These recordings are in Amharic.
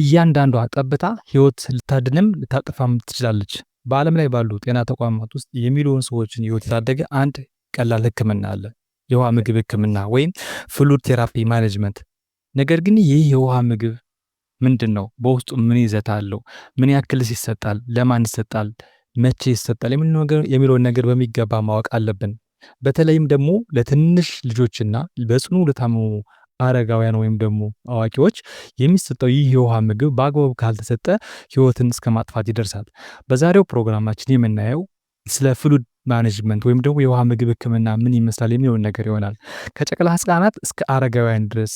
እያንዳንዷ ጠብታ ህይወት ልታድንም ልታጠፋም ትችላለች። በዓለም ላይ ባሉ ጤና ተቋማት ውስጥ የሚሊዮን ሰዎችን ህይወት የታደገ አንድ ቀላል ህክምና አለ፣ የውሃ ምግብ ህክምና ወይም ፍሉድ ቴራፒ ማኔጅመንት። ነገር ግን ይህ የውሃ ምግብ ምንድን ነው? በውስጡ ምን ይዘት አለው? ምን ያክልስ ይሰጣል? ለማን ይሰጣል? መቼ ይሰጣል? የሚለውን ነገር በሚገባ ማወቅ አለብን። በተለይም ደግሞ ለትንሽ ልጆችና በጽኑ ለታመሙ አረጋውያን ወይም ደግሞ አዋቂዎች የሚሰጠው ይህ የውሃ ምግብ በአግባቡ ካልተሰጠ ህይወትን እስከ ማጥፋት ይደርሳል። በዛሬው ፕሮግራማችን የምናየው ስለ ፍሉድ ማኔጅመንት ወይም ደግሞ የውሃ ምግብ ህክምና ምን ይመስላል የሚለውን ነገር ይሆናል። ከጨቅላ ህጻናት እስከ አረጋውያን ድረስ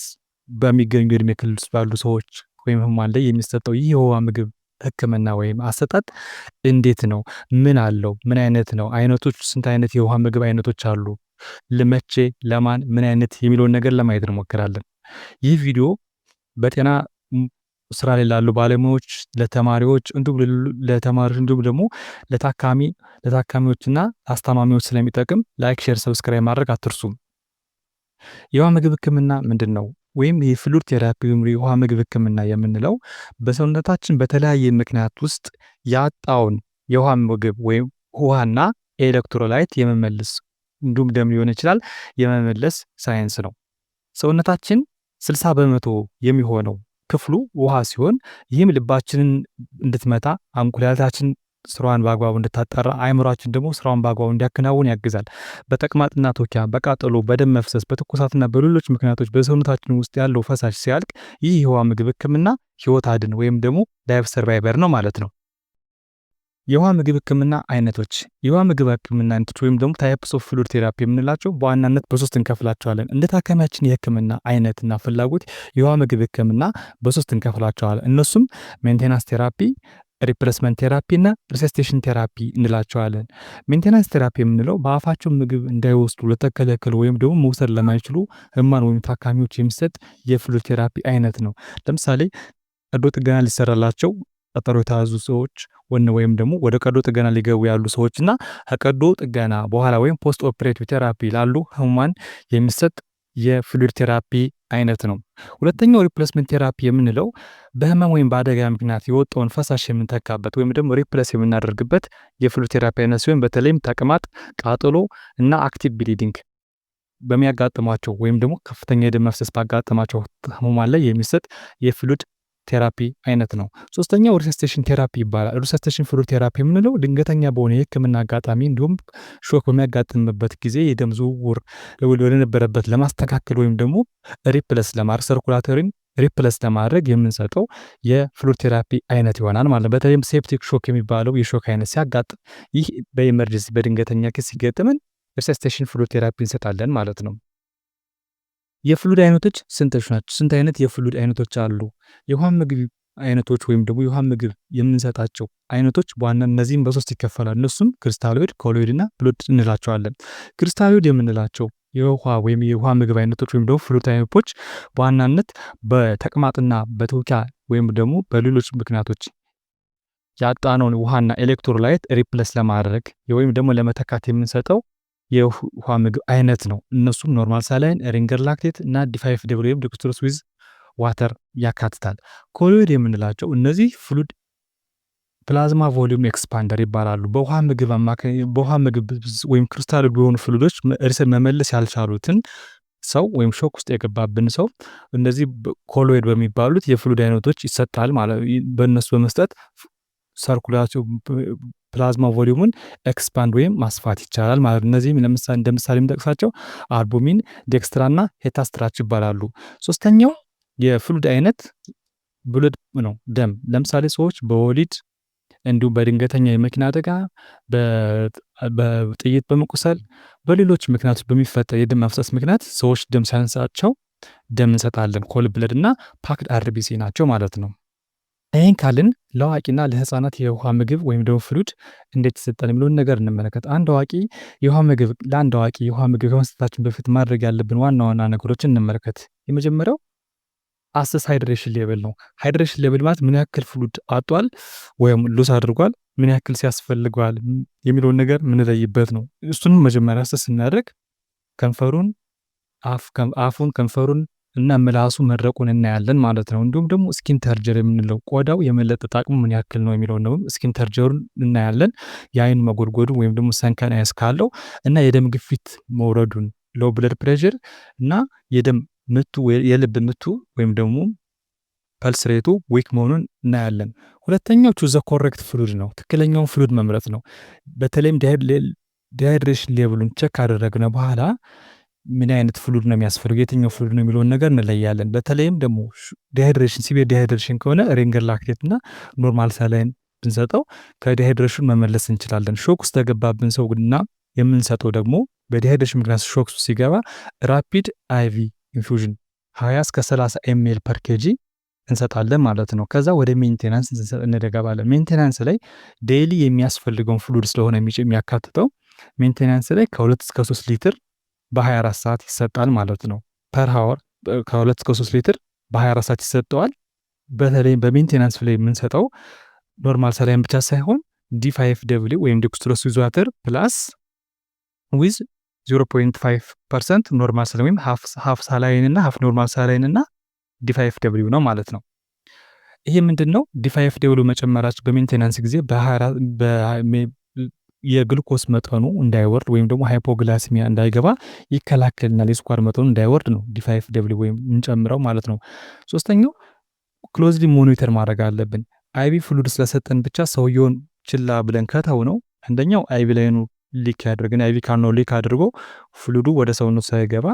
በሚገኙ እድሜ ክልል ውስጥ ባሉ ሰዎች ወይም ህሙማን ላይ የሚሰጠው ይህ የውሃ ምግብ ህክምና ወይም አሰጣጥ እንዴት ነው? ምን አለው? ምን አይነት ነው? አይነቶች ስንት አይነት የውሃ ምግብ አይነቶች አሉ? ለመቼ ለማን ምን አይነት የሚለውን ነገር ለማየት እንሞክራለን። ይህ ቪዲዮ በጤና ስራ ላይ ላሉ ባለሙያዎች፣ ለተማሪዎች እንዲሁም ለተማሪዎች እንዲሁም ደግሞ ለታካሚ ለታካሚዎችና አስታማሚዎች ስለሚጠቅም ላይክ፣ ሼር፣ ሰብስክራይብ ማድረግ አትርሱም። የውሃ ምግብ ህክምና ምንድን ነው? ወይም የፍሉድ ቴራፒ ወይም የውሃ ምግብ ህክምና የምንለው በሰውነታችን በተለያየ ምክንያት ውስጥ ያጣውን የውሃ ምግብ ወይም ውሃና ኤሌክትሮላይት የመመልስ እንዲሁም ደም ሊሆን ይችላል የመመለስ ሳይንስ ነው። ሰውነታችን 60 በመቶ የሚሆነው ክፍሉ ውሃ ሲሆን ይህም ልባችንን እንድትመታ አንኩላታችን ስራዋን በአግባቡ እንድታጠራ አይምሯችን ደግሞ ስራዋን በአግባቡ እንዲያከናውን ያግዛል። በተቅማጥና ቶኪያ፣ በቃጠሎ፣ በደም መፍሰስ፣ በትኩሳትና በሌሎች ምክንያቶች በሰውነታችን ውስጥ ያለው ፈሳሽ ሲያልቅ ይህ የውሃ ምግብ ህክምና ህይወት አድን ወይም ደግሞ ላይፍ ሰርቫይቨር ነው ማለት ነው። የውሃ ምግብ ህክምና አይነቶች የውሃ ምግብ ህክምና አይነቶች ወይም ደግሞ ታይፕስ ኦፍ ፍሉድ ቴራፒ የምንላቸው በዋናነት በሶስት እንከፍላቸዋለን። እንደ ታካሚያችን የህክምና አይነትና ፍላጎት የውሃ ምግብ ህክምና በሶስት እንከፍላቸዋለን። እነሱም ሜንቴናንስ ቴራፒ፣ ሪፕሌስመንት ቴራፒ እና ሪሴስቴሽን ቴራፒ እንላቸዋለን። ሜንቴናንስ ቴራፒ የምንለው በአፋቸው ምግብ እንዳይወስዱ ለተከለከሉ ወይም ደግሞ መውሰድ ለማይችሉ ህማን ወይም ታካሚዎች የሚሰጥ የፍሉድ ቴራፒ አይነት ነው። ለምሳሌ ቀዶ ጥገና ሊሰራላቸው ቀጠሮ የተያዙ ሰዎች ወን ወይም ደግሞ ወደ ቀዶ ጥገና ሊገቡ ያሉ ሰዎች እና ከቀዶ ጥገና በኋላ ወይም ፖስት ኦፕሬቲቭ ቴራፒ ላሉ ህሙማን የሚሰጥ የፍሉድ ቴራፒ አይነት ነው። ሁለተኛው ሪፕሌስመንት ቴራፒ የምንለው በህመም ወይም በአደጋ ምክንያት የወጣውን ፈሳሽ የምንተካበት ወይም ደግሞ ሪፕሌስ የምናደርግበት የፍሉድ ቴራፒ አይነት ሲሆን በተለይም ተቅማጥ፣ ቃጠሎ እና አክቲቭ ብሊዲንግ በሚያጋጥሟቸው ወይም ደግሞ ከፍተኛ የደም መፍሰስ ባጋጠማቸው ህሙማን ላይ የሚሰጥ የፍሉድ ቴራፒ አይነት ነው። ሶስተኛው ሪሰስቴሽን ቴራፒ ይባላል። ሪሰስቴሽን ፍሉድ ቴራፒ የምንለው ድንገተኛ በሆነ የህክምና አጋጣሚ እንዲሁም ሾክ በሚያጋጥምበት ጊዜ የደም ዝውውር ወደነበረበት ለማስተካከል ወይም ደግሞ ሪፕለስ ለማድረግ ሰርኩላተሪን ሪፕለስ ለማድረግ የምንሰጠው የፍሉድ ቴራፒ አይነት ይሆናል ማለት ነው። በተለይም ሴፕቲክ ሾክ የሚባለው የሾክ አይነት ሲያጋጥም ይህ በኤመርጀንሲ በድንገተኛ ክስ ሲገጥምን ሪሰስቴሽን ፍሉድ ቴራፒ እንሰጣለን ማለት ነው። የፍሉድ አይነቶች ስንቶች ናቸው? ስንት አይነት የፍሉድ አይነቶች አሉ? የውሃ ምግብ አይነቶች ወይም ደግሞ የውሃ ምግብ የምንሰጣቸው አይነቶች በዋና እነዚህም በሶስት ይከፈላል። እነሱም ክሪስታሎይድ፣ ኮሎይድ እና ፍሉድ እንላቸዋለን። ክሪስታሎይድ የምንላቸው የውሃ ወይም የውሃ ምግብ አይነቶች ወይም ደግሞ ፍሉድ አይነቶች በዋናነት በተቅማጥና በትውኪያ ወይም ደግሞ በሌሎች ምክንያቶች ያጣነውን ውሃና ኤሌክትሮላይት ሪፕለስ ለማድረግ ወይም ደግሞ ለመተካት የምንሰጠው የውሃ ምግብ አይነት ነው። እነሱም ኖርማል ሳላይን፣ ሪንገር ላክቴት እና ዲፋይፍ ደብሊውኤም ዴክስትሮስ ዊዝ ዋተር ያካትታል። ኮሎይድ የምንላቸው እነዚህ ፍሉድ ፕላዝማ ቮሊዩም ኤክስፓንደር ይባላሉ። በውሃ ምግብ በውሃ ምግብ ወይም ክሪስታል የሆኑ ፍሉዶች መመለስ ያልቻሉትን ሰው ወይም ሾክ ውስጥ የገባብን ሰው እነዚህ ኮሎይድ በሚባሉት የፍሉድ አይነቶች ይሰጣል ማለት በእነሱ በመስጠት ሰርኩላቸው ፕላዝማ ቮሊዩሙን ኤክስፓንድ ወይም ማስፋት ይቻላል ማለት ነው። እነዚህም ለምሳሌ እንደ ምሳሌ የምጠቅሳቸው አልቡሚን፣ ዴክስትራና ሄታስትራች ይባላሉ። ሶስተኛው የፍሉድ አይነት ብሉድ ነው ደም። ለምሳሌ ሰዎች በወሊድ እንዲሁም በድንገተኛ የመኪና አደጋ በጥይት በመቁሰል በሌሎች ምክንያቶች በሚፈጠር የደም መፍሰስ ምክንያት ሰዎች ደም ሲያንሳቸው ደም እንሰጣለን። ኮል ብለድ እና ፓክድ አርቢሲ ናቸው ማለት ነው። ይህን ካልን ለአዋቂና ለህፃናት የውሃ ምግብ ወይም ደግሞ ፍሉድ እንዴት ይሰጣል የሚለውን ነገር እንመለከት። አንድ አዋቂ የውሃ ምግብ ለአንድ አዋቂ የውሃ ምግብ ከመስጠታችን በፊት ማድረግ ያለብን ዋና ዋና ነገሮችን እንመለከት። የመጀመሪያው አሰስ ሃይድሬሽን ሌብል ነው። ሃይድሬሽን ሌብል ማለት ምን ያክል ፍሉድ አጧል ወይም ሉስ አድርጓል፣ ምን ያክል ሲያስፈልገዋል የሚለውን ነገር ምንለይበት ነው። እሱንም መጀመሪያ አሰስ ስናደርግ ከንፈሩን አፉን ከንፈሩን እና ምላሱ መድረቁን እናያለን ማለት ነው። እንዲሁም ደግሞ ስኪን ተርጀር የምንለው ቆዳው የመለጠጥ አቅሙ ምን ያክል ነው የሚለው ነው። ስኪን ተርጀሩን እናያለን። የአይን መጎድጎዱ ወይም ደግሞ ሰንከን አይስ ካለው እና የደም ግፊት መውረዱን ሎ ብለድ ፕሬዥር እና የደም ምቱ የልብ ምቱ ወይም ደግሞ ፐልስሬቱ ዊክ መሆኑን እናያለን። ሁለተኛው ቹዘ ኮሬክት ፍሉድ ነው። ትክክለኛውን ፍሉድ መምረጥ ነው። በተለይም ዳይድሬሽን ሌቭሉን ቸክ ካደረግነ በኋላ ምን አይነት ፍሉድ ነው የሚያስፈልገው የትኛው ፍሉድ ነው የሚለውን ነገር እንለያለን። በተለይም ደግሞ ዲሃይድሬሽን ሲቪር ዲሃይድሬሽን ከሆነ ሬንገር ላክቴት እና ኖርማል ሳላይን ብንሰጠው ከዲሃይድሬሽን መመለስ እንችላለን። ሾክ ውስጥ ተገባብን ሰው እና የምንሰጠው ደግሞ በዲሃይድሬሽን ምክንያት ሾክ ውስጥ ሲገባ ራፒድ አይቪ ኢንፊውዥን ሀያ እስከ ሰላሳ ኤምኤል ፐር ኬጂ እንሰጣለን ማለት ነው። ከዛ ወደ ሜንቴናንስ እንደገባለን። ሜንቴናንስ ላይ ዴይሊ የሚያስፈልገውን ፍሉድ ስለሆነ የሚያካትተው ሜንቴናንስ ላይ ከሁለት እስከ ሶስት ሊትር በ24 ሰዓት ይሰጣል ማለት ነው። ፐር ሃወር ከ2 እስከ 3 ሊትር በ24 ሰዓት ይሰጠዋል። በተለይም በሜንቴናንስ ላይ የምንሰጠው ኖርማል ሰላይን ብቻ ሳይሆን ዲ5 ደብሊው ወይም ዲኩስትሮስ ዊዝ ፕላስ ዊዝ 0.5 ፐርሰንት ኖርማል ሰላይን ወይም ሀፍ ሳላይን እና ሀፍ ኖርማል ሳላይን እና ዲ5 ደብሊው ነው ማለት ነው። ይሄ ምንድን ነው? ዲ5 ደብሊው መጨመራች በሜንቴናንስ ጊዜ የግልኮስ መጠኑ እንዳይወርድ ወይም ደግሞ ሃይፖግላስሚያ እንዳይገባ ይከላከልናል። የስኳር መጠኑ እንዳይወርድ ነው ዲፋይፍ ደብል ወይም እንጨምረው ማለት ነው። ሶስተኛው ክሎዝሊ ሞኒተር ማድረግ አለብን። አይቪ ፍሉድ ስለሰጠን ብቻ ሰውየውን ችላ ብለን ከተው ነው አንደኛው አይቪ ላይኑ ሊክ ያደርግን አይቪ ካኖ ሊክ አድርጎ ፍሉዱ ወደ ሰውነት ሳይገባ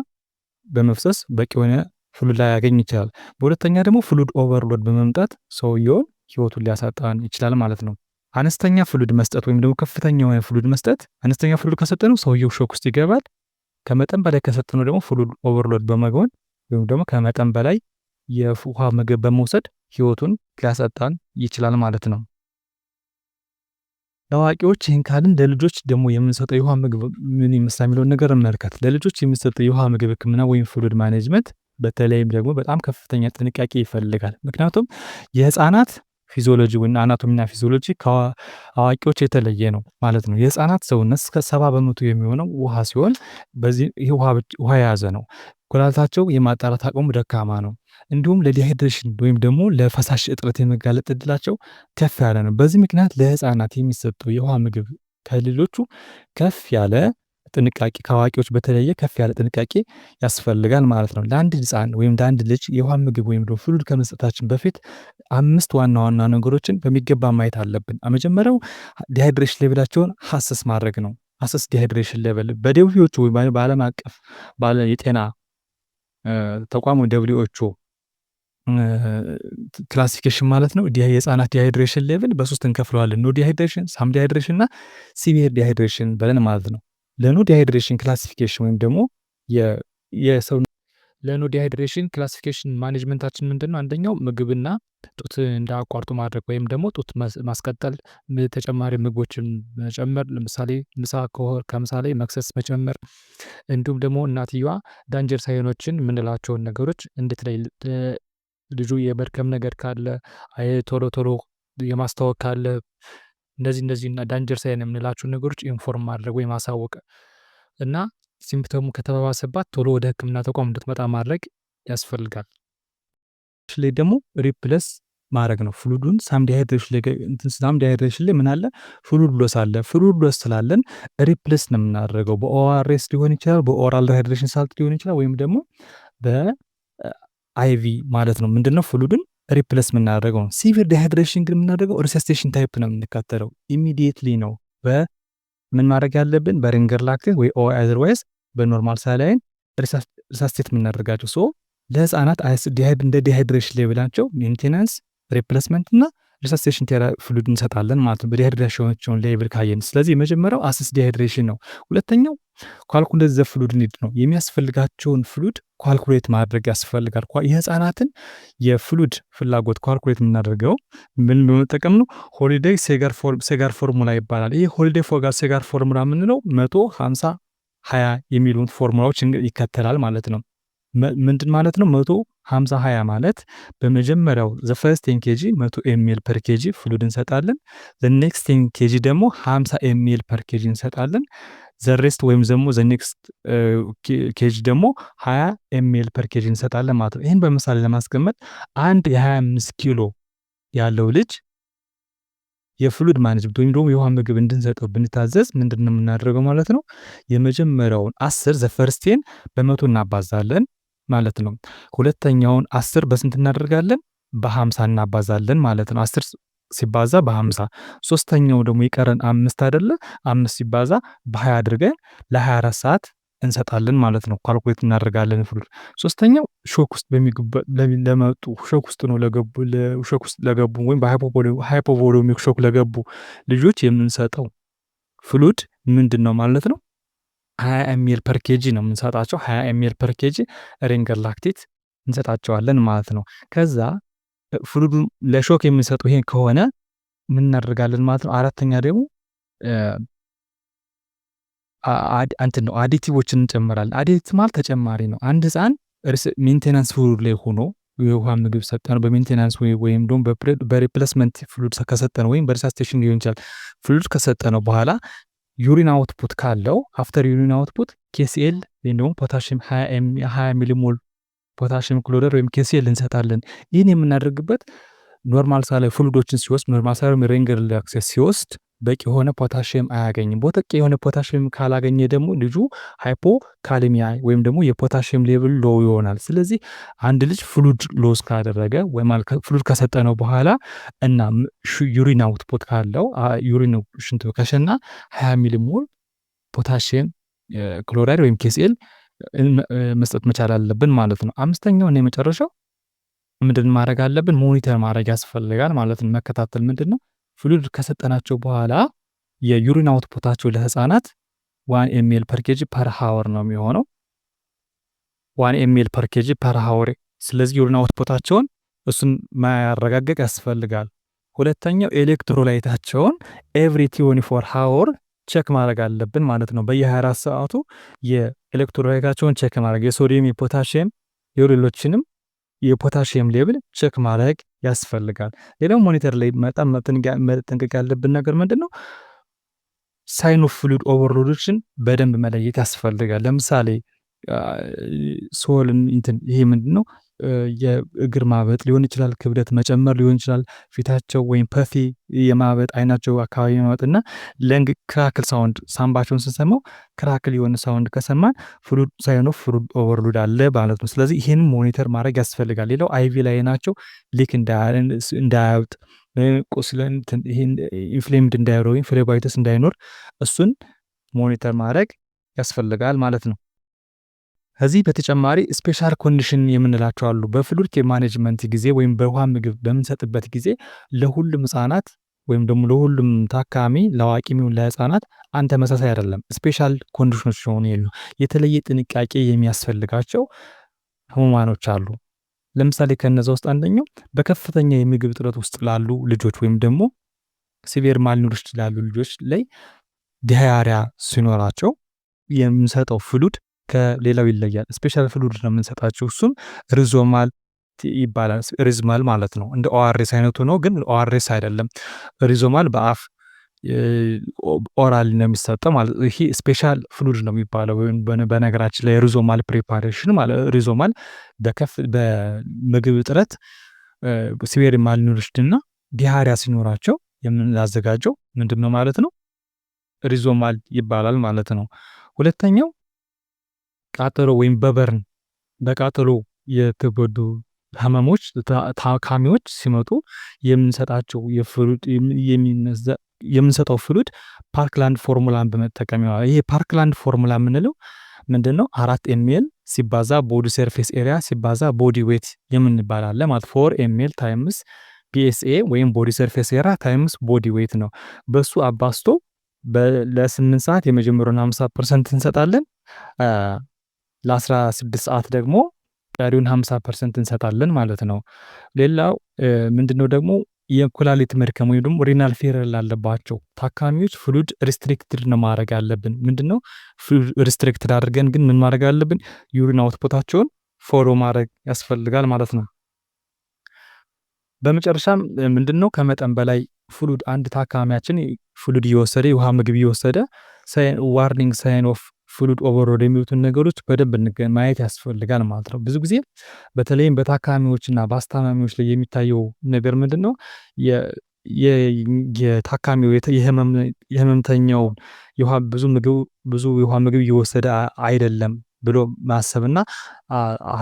በመፍሰስ በቂ የሆነ ፍሉድ ላይ ያገኝ ይችላል። በሁለተኛ ደግሞ ፍሉድ ኦቨርሎድ በመምጣት ሰውየውን ህይወቱን ሊያሳጣን ይችላል ማለት ነው። አነስተኛ ፍሉድ መስጠት ወይም ደግሞ ከፍተኛ የሆነ ፍሉድ መስጠት፣ አነስተኛ ፍሉድ ከሰጠነው ሰውየው ሾክ ውስጥ ይገባል። ከመጠን በላይ ከሰጠነው ደግሞ ፍሉድ ኦቨርሎድ በመሆን ወይም ደግሞ ከመጠን በላይ የውሃ ምግብ በመውሰድ ህይወቱን ሊያሳጣን ይችላል ማለት ነው። ለአዋቂዎች ይህን ካልን ለልጆች ደግሞ የምንሰጠው የውሃ ምግብ ምን ይመስላል የሚለውን ነገር እንመልከት። ለልጆች የምንሰጠው የውሃ ምግብ ህክምና ወይም ፍሉድ ማኔጅመንት በተለይም ደግሞ በጣም ከፍተኛ ጥንቃቄ ይፈልጋል። ምክንያቱም የህፃናት ፊዚዮሎጂ ወይ አናቶሚና ፊዚዮሎጂ ከአዋቂዎች የተለየ ነው ማለት ነው። የህፃናት ሰውነት እስከ ሰባ በመቶ የሚሆነው ውሃ ሲሆን በዚህ ውሃ የያዘ ነው። ኩላሊታቸው የማጣራት አቅሙ ደካማ ነው። እንዲሁም ለዲሃይድሬሽን ወይም ደግሞ ለፈሳሽ እጥረት የመጋለጥ እድላቸው ከፍ ያለ ነው። በዚህ ምክንያት ለህፃናት የሚሰጠው የውሃ ምግብ ከሌሎቹ ከፍ ያለ ጥንቃቄ ከአዋቂዎች በተለየ ከፍ ያለ ጥንቃቄ ያስፈልጋል ማለት ነው። ለአንድ ህፃን ወይም ለአንድ ልጅ የውሃ ምግብ ወይም ደግሞ ፍሉድ ከመስጠታችን በፊት አምስት ዋና ዋና ነገሮችን በሚገባ ማየት አለብን። መጀመሪያው ዲሃይድሬሽን ሌቭላቸውን ሀሰስ ማድረግ ነው። ሀሰስ ዲሃይድሬሽን ሌቭል በደብሊዎቹ ወይም በዓለም አቀፍ የጤና ተቋሙ ደብሊዎቹ ክላሲፊኬሽን ማለት ነው። የህፃናት ዲሃይድሬሽን ሌቭል በሶስት እንከፍለዋለን። ኖ ዲሃይድሬሽን፣ ሳም ዲሃይድሬሽን እና ሲቪር ዲሃይድሬሽን ብለን ማለት ነው። ለኖ ዲሃይድሬሽን ክላሲፊኬሽን ወይም ደግሞ የሰው ለኖ ዲሃይድሬሽን ክላሲፊኬሽን ማኔጅመንታችን ምንድን ነው? አንደኛው ምግብና ጡት እንዳያቋርጡ ማድረግ ወይም ደግሞ ጡት ማስቀጠል፣ ተጨማሪ ምግቦችን መጨመር፣ ለምሳሌ ምሳ ከሆነ ከምሳሌ መክሰስ መጨመር፣ እንዲሁም ደግሞ እናትየዋ ዳንጀር ሳይኖችን የምንላቸውን ነገሮች እንዴት ላይ ልጁ የመድከም ነገር ካለ ቶሎ ቶሎ የማስታወቅ ካለ እንደዚህ እንደዚህና ዳንጀር ሳይን የምንላቸው ነገሮች ኢንፎርም ማድረግ ወይ ማሳወቅ እና ሲምፕተሙ ከተባባሰባት ቶሎ ወደ ህክምና ተቋም እንድትመጣ ማድረግ ያስፈልጋል። ላይ ደግሞ ሪፕለስ ማድረግ ነው። ፍሉዱን ሳምዲሃይድሬሽን ላይ ምን አለ? ፍሉድ ሎስ አለ። ፍሉድ ሎስ ስላለን ሪፕለስ ነው የምናደርገው። በኦአርኤስ ሊሆን ይችላል፣ በኦራል ሃይድሬሽን ሳልት ሊሆን ይችላል፣ ወይም ደግሞ በአይቪ ማለት ነው። ምንድነው ፍሉድን ሪፕለስ የምናደርገው ነው። ሲቪር ዲሃይድሬሽን ግን የምናደርገው ሪሰስቴሽን ታይፕ ነው የምንከተለው። ኢሚዲየትሊ ነው በምን ማድረግ ያለብን በሪንገር ላክ ወይ ኦ አዘርዋይዝ በኖርማል ሳላይን ሪሳስቴት የምናደርጋቸው ሶ ለህፃናት እንደ ዲሃይድሬሽን ሌቭላቸው ሜንቴናንስ ሪፕለስመንት እና ሪሳሲቴሽን ፍሉድ እንሰጣለን ማለት ነው፣ በዲሃይድሬሽናቸውን ሌብል ካየን። ስለዚህ የመጀመሪያው አስስ ዲሃይድሬሽን ነው። ሁለተኛው ኳልኩሌት ዘ ፍሉድ ኒድ ነው። የሚያስፈልጋቸውን ፍሉድ ኳልኩሌት ማድረግ ያስፈልጋል። የህፃናትን የፍሉድ ፍላጎት ኳልኩሌት የምናደርገው ምን በመጠቀም ነው? ሆሊዴይ ሴጋር ፎርሙላ ይባላል። ይህ ሆሊዴይ ሴጋር ፎርሙላ የምንለው መቶ ሀምሳ ሀያ የሚሉን ፎርሙላዎች ይከተላል ማለት ነው። ምንድን ማለት ነው? መቶ 50 20 ማለት በመጀመሪያው ዘ ፈርስት ቴን ኬጂ 100 ኤምኤል ፐር ኬጂ ፍሉድ እንሰጣለን። ዘ ኔክስት ቴን ኬጂ ደግሞ 50 ኤምኤል ፐር ኬጂ እንሰጣለን። ዘ ሬስት ወይም ደግሞ ዘ ኔክስት ኬጂ ደግሞ 20 ኤምኤል ፐር ኬጂ እንሰጣለን ማለት ነው። ይህን በምሳሌ ለማስቀመጥ አንድ የ25 ኪሎ ያለው ልጅ የፍሉድ ማኔጅመንት ወይም ደግሞ የውሃ ምግብ እንድንሰጠው ብንታዘዝ ምንድን ነው የምናደርገው ማለት ነው? የመጀመሪያውን አስር ዘ በመቶ እናባዛለን። ማለት ነው። ሁለተኛውን አስር በስንት እናደርጋለን? በሀምሳ እናባዛለን ማለት ነው። አስር ሲባዛ በሀምሳ ሶስተኛው ደግሞ ይቀረን አምስት አይደለ? አምስት ሲባዛ በሀያ አድርገን ለሀያ አራት ሰዓት እንሰጣለን ማለት ነው። ኳልኩሌት እናደርጋለን ፍሉድ። ሶስተኛው ሾክ ውስጥ ለመጡ ሾክ ውስጥ ነው ለገቡ ሾክ ውስጥ ለገቡ ወይም በሃይፖቮሎሚክ ሾክ ለገቡ ልጆች የምንሰጠው ፍሉድ ምንድን ነው ማለት ነው? ሀያ ኤምኤል ፐር ኬጂ ነው የምንሰጣቸው። ሀያ ኤምኤል ፐር ኬጂ ሬንገር ላክቲት እንሰጣቸዋለን ማለት ነው። ከዛ ፍሉዱ ለሾክ የምንሰጠው ይሄ ከሆነ ምን እናደርጋለን ማለት ነው። አራተኛ ደግሞ እንትን ነው አዲቲቮችን እንጨምራለን። አዲቲቭ ማለት ተጨማሪ ነው። አንድ ህፃን እርስ ሜንቴናንስ ፍሉድ ላይ ሆኖ የውሃ ምግብ ሰጠነው በሜንቴናንስ ወይም ደግሞ በሪፕለስመንት ፍሉድ ከሰጠነው ወይም በሪሳስቴሽን ሊሆን ይችላል ፍሉድ ከሰጠነው በኋላ ዩሪን አውትፑት ካለው አፍተር ዩሪን አውትፑት ኬሲኤል ወይም ደግሞ ፖታሽም 20 ሚሊሞል ፖታሽም ክሎረር ወይም ኬሲኤል እንሰጣለን። ይህን የምናደርግበት ኖርማል ሳላይ ፍሉዶችን ሲወስድ ኖርማል ሳላይ ሬንገር ላክሴስ ሲወስድ በቂ የሆነ ፖታሽየም አያገኝም። በቂ የሆነ ፖታሽየም ካላገኘ ደግሞ ልጁ ሃይፖ ካሊሚያ ወይም ደግሞ የፖታሽየም ሌቭል ሎ ይሆናል። ስለዚህ አንድ ልጅ ፍሉድ ሎስ ካደረገ ወይም ፍሉድ ከሰጠነው በኋላ እና ዩሪን አውትፖት ካለው ዩሪን ሽንት ከሸና ሀያ ሚሊሞል ፖታሽየም ክሎራይድ ወይም ኬሲኤል መስጠት መቻል አለብን ማለት ነው። እና የመጨረሻው ምንድን ማድረግ አለብን? ሞኒተር ማድረግ ያስፈልጋል ማለት ነው። መከታተል ምንድን ነው ፍሉድ ከሰጠናቸው በኋላ የዩሪን አውትፑታቸው ለህፃናት ዋን ኤምኤል ፐርኬጅ ፐር ሃወር ነው የሚሆነው። ዋን ኤምኤል ፐርኬጅ ፐር ሃወር። ስለዚህ ዩሪን አውትፑታቸውን እሱን ማያረጋገጥ ያስፈልጋል። ሁለተኛው ኤሌክትሮላይታቸውን ኤቭሪ ትዌንቲ ፎር ሃወር ቼክ ማድረግ አለብን ማለት ነው። በየ24 ሰዓቱ የኤሌክትሮላይታቸውን ቼክ ማድረግ የሶዲየም የፖታሽየም የሌሎችንም የፖታሽየም ሌብል ቼክ ማድረግ ያስፈልጋል። ሌላው ሞኒተር ላይ በጣም መጠንቀቅ ያለብን ነገር ምንድን ነው? ሳይን ኦፍ ፍሉድ ኦቨርሎዶችን በደንብ መለየት ያስፈልጋል። ለምሳሌ ሶልን ይሄ ምንድን ነው የእግር ማበጥ ሊሆን ይችላል፣ ክብደት መጨመር ሊሆን ይችላል፣ ፊታቸው ወይም ፐፊ የማበጥ አይናቸው አካባቢ ማበጥ እና ለንግ ክራክል ሳውንድ ሳምባቸውን ስንሰማው ክራክል የሆነ ሳውንድ ከሰማን ፍሉድ ሳይሆን ፍሉድ ኦቨርሉድ አለ ማለት ነው። ስለዚህ ይህን ሞኒተር ማድረግ ያስፈልጋል። ሌላው አይቪ ላይ ናቸው ሊክ እንዳያብጥ ቁስለን ኢንፍሌምድ እንዳይኖር ወይም ፍሌባይተስ እንዳይኖር እሱን ሞኒተር ማድረግ ያስፈልጋል ማለት ነው። ከዚህ በተጨማሪ ስፔሻል ኮንዲሽን የምንላቸው አሉ። በፍሉድ ኬር ማኔጅመንት ጊዜ ወይም በውሃ ምግብ በምንሰጥበት ጊዜ ለሁሉም ህጻናት ወይም ደግሞ ለሁሉም ታካሚ ለአዋቂም ሚሆን ለህፃናት አንድ ተመሳሳይ አይደለም። ስፔሻል ኮንዲሽኖች ሲሆኑ የሉ የተለየ ጥንቃቄ የሚያስፈልጋቸው ህሙማኖች አሉ። ለምሳሌ ከነዛ ውስጥ አንደኛው በከፍተኛ የምግብ እጥረት ውስጥ ላሉ ልጆች ወይም ደግሞ ሲቪር ማልኑሪሽድ ላሉ ልጆች ላይ ዲያሪያ ሲኖራቸው የምንሰጠው ፍሉድ ከሌላው ይለያል። ስፔሻል ፍሉድ ነው የምንሰጣቸው። እሱም ሪዞማል ይባላል። ሪዝማል ማለት ነው። እንደ ኦአርኤስ አይነቱ ነው፣ ግን ኦአርኤስ አይደለም። ሪዞማል በአፍ ኦራል ነው የሚሰጠው ማለት ይሄ ስፔሻል ፍሉድ ነው የሚባለው። ወይም በነገራችን ላይ ሪዞማል ፕሪፓሬሽን ማለት ሪዞማል በከፍ በምግብ እጥረት ሲቤር ማልኒውሪሽንና ዲሃሪያ ሲኖራቸው የምናዘጋጀው ምንድን ነው ማለት ነው ሪዞማል ይባላል ማለት ነው። ሁለተኛው ቃጠሎ ወይም በበርን በቃጠሎ የተጎዱ ህመሞች ታካሚዎች ሲመጡ የምንሰጣቸው የምንሰጠው ፍሉድ ፓርክላንድ ፎርሙላን በመጠቀም ይሆናል። ይሄ ፓርክላንድ ፎርሙላ የምንለው ምንድን ነው? አራት ኤምኤል ሲባዛ ቦዲ ሰርፌስ ኤሪያ ሲባዛ ቦዲ ዌት የምንባላለ ማለት ፎር ኤምኤል ታይምስ ፒኤስኤ ወይም ቦዲ ሰርፌስ ኤሪያ ታይምስ ቦዲ ዌት ነው። በሱ አባስቶ ለስምንት ሰዓት የመጀመሪያውን 50 ፐርሰንት እንሰጣለን። ለ16 ሰዓት ደግሞ ቀሪውን 50 ፐርሰንት እንሰጣለን ማለት ነው። ሌላው ምንድነው ደግሞ የኩላሊት መድከም ወይም ደግሞ ሪናል ፌረር ላለባቸው ታካሚዎች ፍሉድ ሪስትሪክትድ ነው ማድረግ አለብን። ምንድነው ፍሉድ ሪስትሪክትድ አድርገን ግን ምን ማድረግ አለብን? ዩሪን አውትፖታቸውን ፎሎ ማድረግ ያስፈልጋል ማለት ነው። በመጨረሻም ምንድነው ከመጠን በላይ ፍሉድ አንድ ታካሚያችን ፍሉድ እየወሰደ የውሃ ምግብ እየወሰደ ዋርኒንግ ሳይን ኦፍ ፍሉድ ኦቨርሎድ የሚሉትን ነገሮች በደንብ ማየት ያስፈልጋል ማለት ነው። ብዙ ጊዜ በተለይም በታካሚዎች እና በአስታማሚዎች ላይ የሚታየው ነገር ምንድን ነው? የታካሚው የህመምተኛው የውሃ ብዙ ምግብ ብዙ የውሃ ምግብ እየወሰደ አይደለም ብሎ ማሰብ እና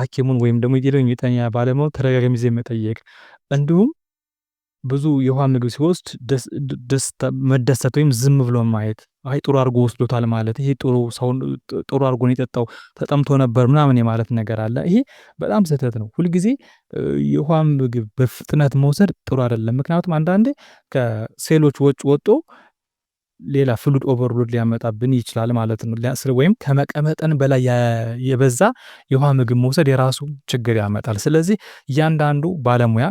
ሐኪሙን ወይም ደግሞ የጤና ባለሙያውን ተደጋጋሚ ጊዜ መጠየቅ እንዲሁም ብዙ የውሃ ምግብ ሲወስድ መደሰት ወይም ዝም ብሎ ማየት አይ ጥሩ አድርጎ ወስዶታል ማለት ይሄ ጥሩ ሰውን ጥሩ አድርጎ ነው የጠጣው ተጠምቶ ነበር ምናምን የማለት ነገር አለ። ይሄ በጣም ስህተት ነው። ሁልጊዜ የውሃ ምግብ በፍጥነት መውሰድ ጥሩ አይደለም። ምክንያቱም አንዳንዴ ከሴሎች ወጭ ወጦ ሌላ ፍሉድ ኦቨርሎድ ሊያመጣብን ይችላል ማለት ነው። ወይም ከመቀመጠን በላይ የበዛ የውሃ ምግብ መውሰድ የራሱ ችግር ያመጣል። ስለዚህ እያንዳንዱ ባለሙያ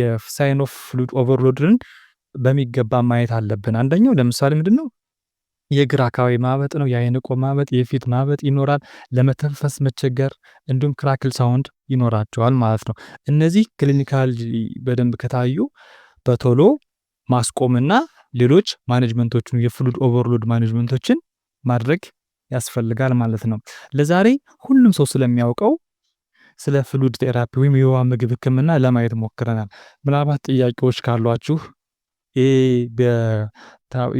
የሳይን ኦፍ ፍሉድ ኦቨርሎድን በሚገባ ማየት አለብን። አንደኛው ለምሳሌ ምንድን ነው የእግር አካባቢ ማበጥ ነው፣ የአይንቆ ማበጥ፣ የፊት ማበጥ ይኖራል። ለመተንፈስ መቸገር እንዲሁም ክራክል ሳውንድ ይኖራቸዋል ማለት ነው። እነዚህ ክሊኒካል በደንብ ከታዩ በቶሎ ማስቆምና ሌሎች ማኔጅመንቶችን የፍሉድ ኦቨርሎድ ማኔጅመንቶችን ማድረግ ያስፈልጋል ማለት ነው። ለዛሬ ሁሉም ሰው ስለሚያውቀው ስለ ፍሉድ ቴራፒ ወይም የውሃ ምግብ ሕክምና ለማየት ሞክረናል። ምናልባት ጥያቄዎች ካሏችሁ ይሄ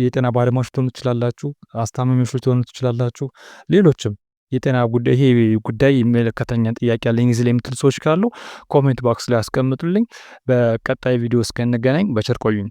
የጤና ባለሙያዎች ልትሆኑ ትችላላችሁ፣ አስታማሚዎች ልትሆኑ ትችላላችሁ፣ ሌሎችም የጤና ጉዳይ ይሄ ጉዳይ የሚመለከተኛን ጥያቄ ያለኝ ጊዜ ላይ የምትል ሰዎች ካሉ ኮሜንት ባክስ ላይ አስቀምጡልኝ። በቀጣይ ቪዲዮ እስከንገናኝ በቸር ቆዩኝ።